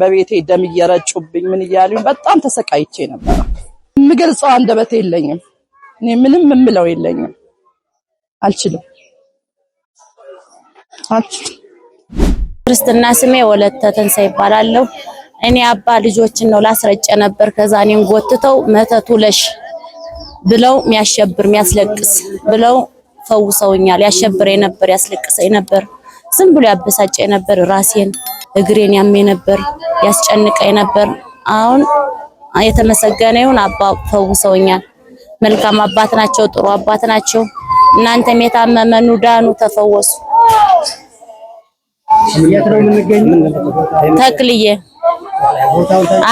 በቤቴ ደም እየረጩብኝ ምን እያሉኝ በጣም ተሰቃይቼ ነበረ። የምገልጸው አንደበት የለኝም። እኔ ምንም የምለው የለኝም። አልችልም አልችልም። ክርስትና ስሜ ወለተ ተንሳይ ይባላለሁ። እኔ አባ ልጆችን ነው ላስረጨ ነበር። ከዛ እኔን ጎትተው መተቱ ለሽ ብለው የሚያሸብር የሚያስለቅስ ብለው ፈውሰውኛል። ያሸብረኝ ነበር፣ ያስለቅሰኝ ነበር። ዝም ብሎ ያበሳጨ ነበር። ራሴን እግሬን ያሜ ነበር፣ ያስጨንቀኝ ነበር። አሁን የተመሰገነ ይሁን አባ ፈውሰውኛል። መልካም አባት ናቸው፣ ጥሩ አባት ናቸው። እናንተም የታመመኑ ዳኑ፣ ተፈወሱ። ተክልዬ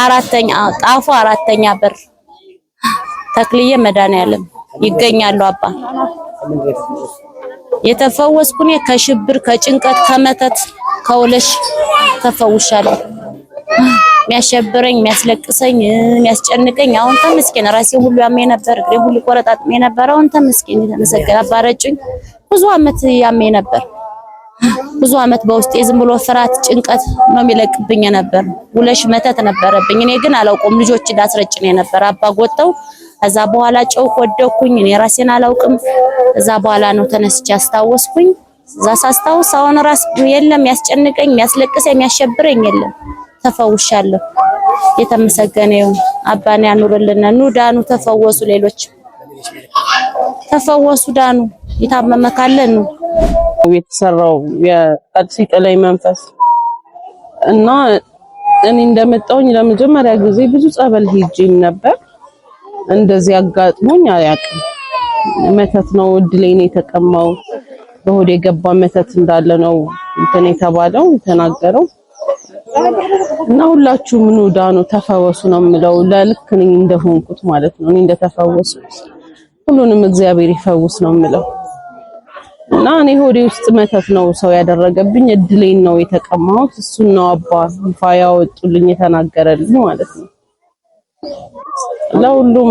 አራተኛ ጣፉ አራተኛ በር ተክልዬ መድኃኒዓለም ይገኛሉ አባ የተፈወስኩ ከሽብር፣ ከጭንቀት፣ ከመተት፣ ከወለሽ ተፈውሻለሁ። የሚያሸብረኝ፣ የሚያስለቅሰኝ፣ የሚያስጨንቀኝ አሁን ተመስገን። ራሴ ሁሉ ያመኝ ነበር፣ እግሬ ሁሉ ቆረጣጥሜ ነበር። አሁን ተመስገን የተመሰገነ አባረጭኝ። ብዙ አመት ያመኝ ነበር። ብዙ አመት በውስጤ ዝም ብሎ ፍርሃት፣ ጭንቀት ነው የሚለቅብኝ ነበር። ውለሽ መተት ነበረብኝ። እኔ ግን አላውቀውም። ልጆች ላስረጭ ነው ነበር አባ ጎተው። ከዛ በኋላ ጨው ወደኩኝ። እኔ ራሴን አላውቅም። እዛ በኋላ ነው ተነስቼ አስታወስኩኝ። እዛ ሳስታውስ አሁን ራስ የለም ያስጨንቀኝ፣ የሚያስለቅሰኝ፣ የሚያሸብረኝ የለም። ተፈውሻለሁ። የተመሰገነው አባን ያኑርልን። ኑ ዳኑ፣ ተፈወሱ። ሌሎች ተፈወሱ፣ ዳኑ። የታመመ ካለ ኑ። የተሰራው የጠርሲ መንፈስ እና እኔ እንደመጣሁኝ ለመጀመሪያ ጊዜ ብዙ ጸበል ሄጄ ነበር። እንደዚህ አጋጥሞኝ አያውቅም። መተት ነው እድሌ ነው የተቀማው በሆድ የገባ መተት እንዳለ ነው እንትን የተባለው የተናገረው እና ሁላችሁም ኑ ዳኑ ተፈወሱ ነው የምለው። ለልክ ነኝ እንደሆንኩት ማለት ነው እኔ እንደተፈወስኩት ሁሉንም እግዚአብሔር ይፈውስ ነው የምለው። እና እኔ ሆዴ ውስጥ መተት ነው ሰው ያደረገብኝ እድሌን ነው የተቀማሁት። እሱን ነው አባ ይፋ ያወጡልኝ የተናገረልኝ ማለት ነው ለሁሉም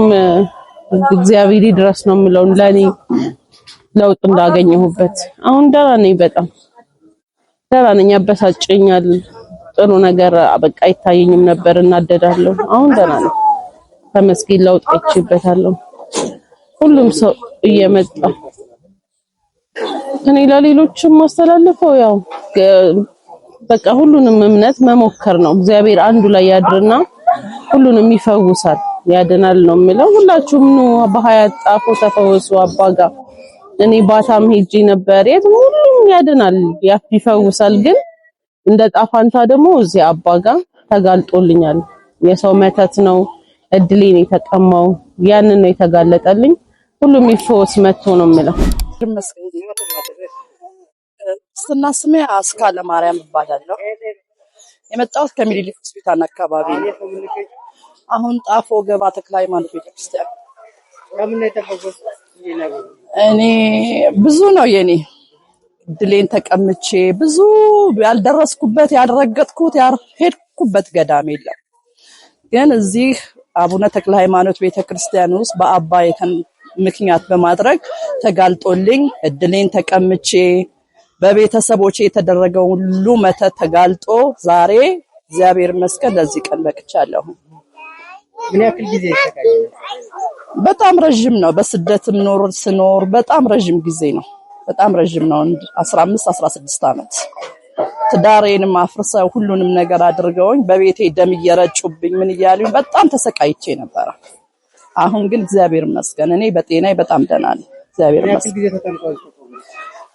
እግዚአብሔር ድረስ ነው የምለውን ለኔ ለውጥ እንዳገኘሁበት። አሁን ደህና ነኝ፣ በጣም ደህና ነኝ። ያበሳጨኛል ጥሩ ነገር በቃ አይታየኝም ነበር፣ እናደዳለሁ። አሁን ደህና ነኝ፣ ተመስገን። ለውጥ አይቼበታለሁ። ሁሉም ሰው እየመጣ እኔ ለሌሎችም ማስተላልፈው ያው በቃ ሁሉንም እምነት መሞከር ነው። እግዚአብሔር አንዱ ላይ ያድርና ሁሉንም ይፈውሳል። ያድናል ነው የሚለው ሁላችሁም ኑ በሀያት ጣፎ ተፈወሱ አባጋ። እኔ ባታም ሄጂ ነበር። የት ሁሉም ያድናል ይፈውሳል። ግን እንደ ጣፋንታ ደግሞ እዚህ አባጋ ተጋልጦልኛል። የሰው መተት ነው እድሌ ነው የተቀማው ያንን ነው የተጋለጠልኝ። ሁሉም ይፈወስ መጥቶ ነው የሚለው። ስና ስሜ አስካለ ማርያም እባላለሁ። የመጣሁት ከሚኒሊክ ሆስፒታል አካባቢ ነው። አሁን ጣፎ ገባ ተክለ ሃይማኖት ቤተክርስቲያን እኔ ብዙ ነው የኔ ድሌን ተቀምቼ ብዙ ያልደረስኩበት ያልረገጥኩት ያልሄድኩበት ገዳም የለም። ግን እዚህ አቡነ ተክለ ሃይማኖት ቤተክርስቲያን ውስጥ በአባ ምክንያት በማድረግ ተጋልጦልኝ እድሌን ተቀምቼ በቤተሰቦቼ የተደረገው ሁሉ መተት ተጋልጦ ዛሬ እግዚአብሔር ይመስገን ለዚህ ቀን በቅቻለሁ። ምን ያክል ጊዜ በጣም ረዥም ነው። በስደትም ኖር ስኖር በጣም ረዥም ጊዜ ነው። በጣም ረዥም ነው። 15 16 ዓመት ትዳሬንም አፍርሰው ሁሉንም ነገር አድርገውኝ በቤቴ ደም እየረጩብኝ ምን እያሉኝ በጣም ተሰቃይቼ ነበረ። አሁን ግን እግዚአብሔር ይመስገን እኔ በጤናዬ በጣም ደህና ነኝ። እግዚአብሔር ይመስገን።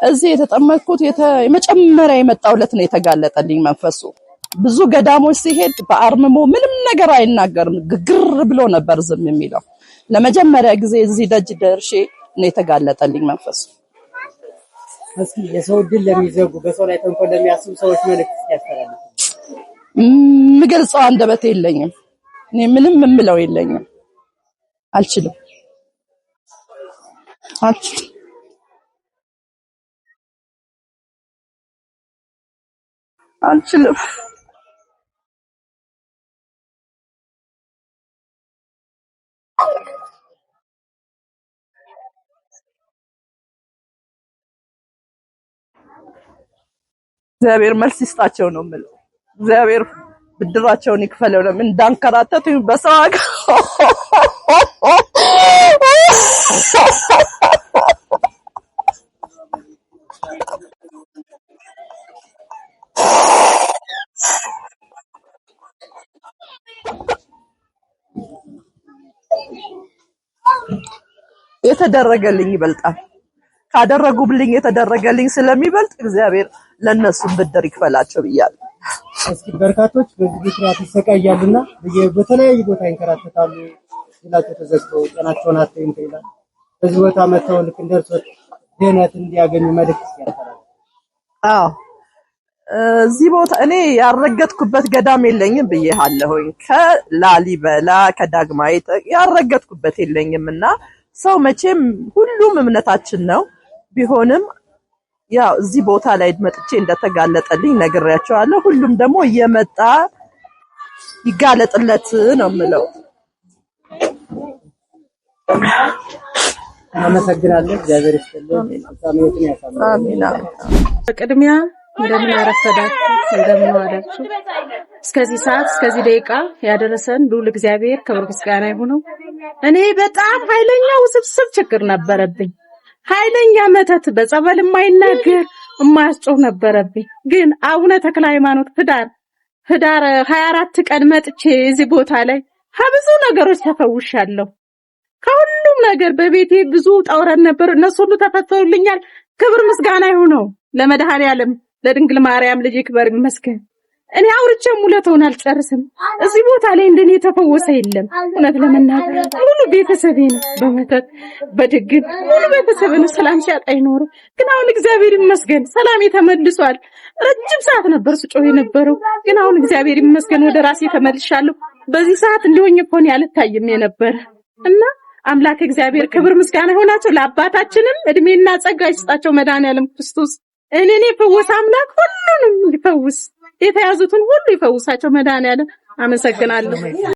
እዚህ የተጠመቅኩት የመጀመሪያ የመጣሁለት ነው የተጋለጠልኝ መንፈሱ ብዙ ገዳሞች ሲሄድ በአርምሞ ምንም ነገር አይናገርም። ግግር ብሎ ነበር ዝም የሚለው። ለመጀመሪያ ጊዜ እዚህ ደጅ ደርሼ ነው የተጋለጠልኝ መንፈሱ። እስኪ የሰው ድል ለሚዘጉ በሰው ላይ ተንኮል ለሚያስቡ ሰዎች መልእክት ያስተላልፉ። የምገልጸው አንደበት የለኝም። እኔ ምንም የምለው የለኝም። አልችልም አልችልም። እግዚአብሔር መልስ ይስጣቸው ነው የምለው። እግዚአብሔር ብድራቸውን ይክፈለው። ለምን እንዳንከራተቱኝ በሰው ሀገር የተደረገልኝ ይበልጣል። ካደረጉብልኝ የተደረገልኝ ስለሚበልጥ እግዚአብሔር ለእነሱም ብድር ይክፈላቸው ብያለሁ። እስኪ በርካቶች በዚህ ስርዓት ይሰቃያሉና በተለያዩ ቦታ ይንከራተታሉ። ላቸው ተዘግተው ጤናቸውን አትይንት ይላል። በዚህ ቦታ መጥተው ልክ እንደርሶት ድህነት እንዲያገኙ መልዕክት ያቀርባል። አዎ እዚህ ቦታ እኔ ያረገጥኩበት ገዳም የለኝም ብዬሃለሁኝ። ከላሊበላ ከዳግማዊ ያረገጥኩበት የለኝም እና ሰው መቼም ሁሉም እምነታችን ነው። ቢሆንም ያው እዚህ ቦታ ላይ መጥቼ እንደተጋለጠልኝ ነግሬያቸዋለሁ። ሁሉም ደግሞ እየመጣ ይጋለጥለት ነው የምለው። አመሰግናለሁ። በቅድሚያ እንደምን አረፈዳችሁ፣ እንደምን ዋላችሁ። እስከዚህ ሰዓት እስከዚህ ደቂቃ ያደረሰን ልዑል እግዚአብሔር ክብር ምስጋና ይሁነው። እኔ በጣም ኃይለኛ ውስብስብ ችግር ነበረብኝ። ኃይለኛ መተት በጸበል የማይናገር የማያስጮህ ነበረብኝ። ግን አቡነ ተክለ ሃይማኖት ህዳር ህዳር 24 ቀን መጥቼ እዚህ ቦታ ላይ ከብዙ ነገሮች ተፈውሻለሁ። ከሁሉም ነገር በቤቴ ብዙ ጠውረን ነበር፣ እነሱ ሁሉ ተፈተውልኛል። ክብር ምስጋና ይሁነው ለመድኃኔ ዓለም ለድንግል ማርያም ልጅ ክበር ይመስገን። እኔ አውርቼ ሙለታውን አልጨርስም። እዚህ ቦታ ላይ እንደኔ የተፈወሰ የለም። እውነት ለመናገር ሙሉ ቤተሰቤ ነው በመተት በድግን ሙሉ ቤተሰብ ነው ሰላም ሲያጣ አይኖርም ግን አሁን እግዚአብሔር ይመስገን ሰላም የተመልሷል። ረጅም ሰዓት ነበር ስጮህ የነበረው፣ ግን አሁን እግዚአብሔር ይመስገን ወደ ራሴ ተመልሻለሁ። በዚህ ሰዓት እንዲሆኝ እኮ አልታይም የነበረ እና አምላክ እግዚአብሔር ክብር ምስጋና ይሆናቸው። ለአባታችንም እድሜና ጸጋ ይስጣቸው መድኃኔዓለም ክርስቶስ እኔ ፈወስ አምላክ ሁሉንም ይፈውስ። የተያዙትን ሁሉ ይፈውሳቸው። መድኃኔዓለም አመሰግናለሁ።